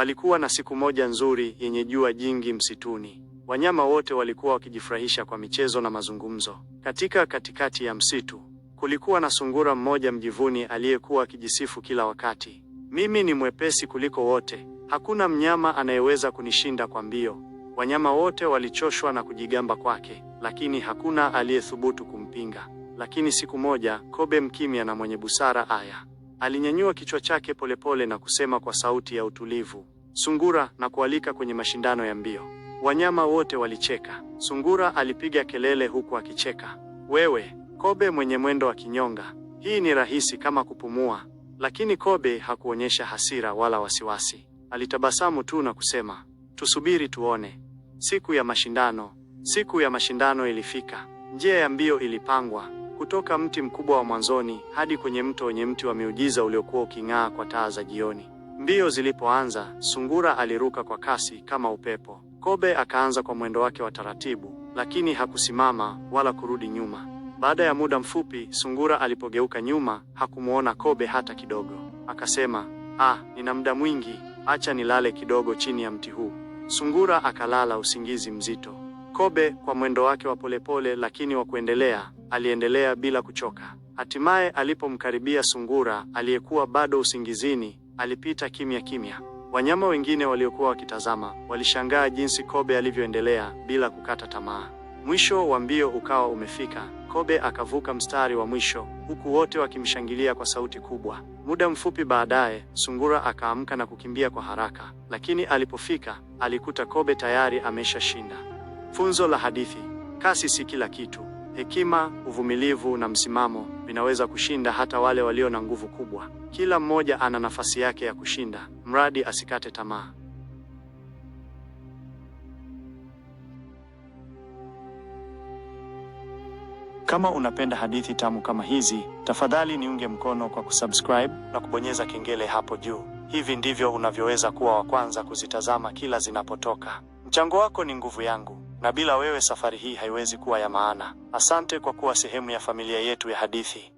Palikuwa na siku moja nzuri yenye jua jingi msituni. Wanyama wote walikuwa wakijifurahisha kwa michezo na mazungumzo. Katika katikati ya msitu kulikuwa na sungura mmoja mjivuni aliyekuwa akijisifu kila wakati, mimi ni mwepesi kuliko wote, hakuna mnyama anayeweza kunishinda kwa mbio. Wanyama wote walichoshwa na kujigamba kwake, lakini hakuna aliyethubutu kumpinga. Lakini siku moja kobe mkimya na mwenye busara Aya alinyanyua kichwa chake polepole na kusema kwa sauti ya utulivu Sungura na kualika kwenye mashindano ya mbio. Wanyama wote walicheka. Sungura alipiga kelele huku akicheka. Wewe, kobe mwenye mwendo wa kinyonga. Hii ni rahisi kama kupumua. Lakini kobe hakuonyesha hasira wala wasiwasi. Alitabasamu tu na kusema, "Tusubiri tuone." Siku ya mashindano. Siku ya mashindano ilifika. Njia ya mbio ilipangwa kutoka mti mkubwa wa mwanzoni hadi kwenye mto wenye mti wa miujiza uliokuwa uking'aa kwa taa za jioni. Mbio zilipoanza, Sungura aliruka kwa kasi kama upepo. Kobe akaanza kwa mwendo wake wa taratibu, lakini hakusimama wala kurudi nyuma. Baada ya muda mfupi, Sungura alipogeuka nyuma, hakumwona Kobe hata kidogo. Akasema, ah, nina muda mwingi, acha nilale kidogo chini ya mti huu. Sungura akalala usingizi mzito. Kobe kwa mwendo wake wa polepole lakini wa kuendelea, aliendelea bila kuchoka. Hatimaye alipomkaribia Sungura aliyekuwa bado usingizini, alipita kimya kimya. Wanyama wengine waliokuwa wakitazama walishangaa jinsi kobe alivyoendelea bila kukata tamaa. Mwisho wa mbio ukawa umefika. Kobe akavuka mstari wa mwisho, huku wote wakimshangilia kwa sauti kubwa. Muda mfupi baadaye, sungura akaamka na kukimbia kwa haraka, lakini alipofika alikuta kobe tayari ameshashinda. Funzo la hadithi: kasi si kila kitu. Hekima, uvumilivu na msimamo vinaweza kushinda hata wale walio na nguvu kubwa. Kila mmoja ana nafasi yake ya kushinda, mradi asikate tamaa. Kama unapenda hadithi tamu kama hizi, tafadhali niunge mkono kwa kusubscribe na kubonyeza kengele hapo juu. Hivi ndivyo unavyoweza kuwa wa kwanza kuzitazama kila zinapotoka. Mchango wako ni nguvu yangu na bila wewe safari hii haiwezi kuwa ya maana. Asante kwa kuwa sehemu ya familia yetu ya hadithi.